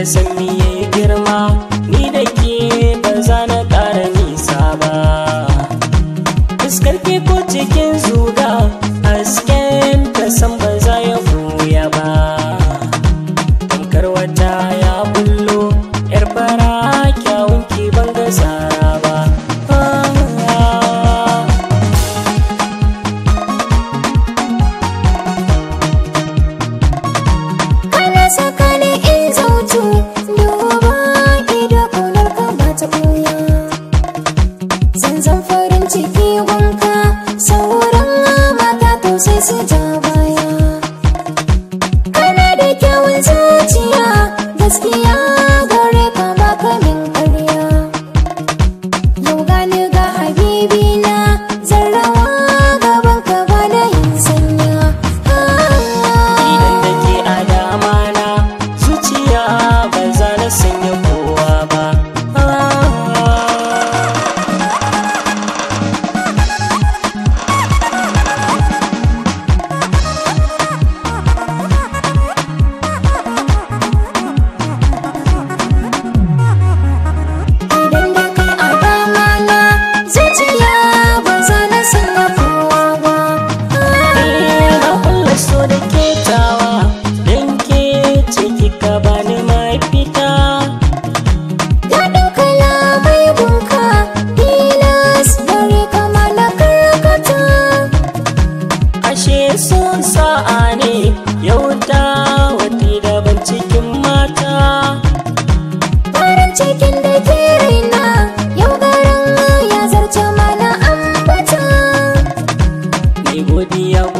da sanni ya girma ni da ke ba za na ƙara nisa ba fuskar ke ko cikin zuga hasken ta san ba za ya koya ba tamkar wata ya bullo yar fara kyawun ki ban gasa gaskiya sa'a ne yauta ta wata daban cikin mata farin cikin da ke raina yau garin ya zarce mana ambata mai godiya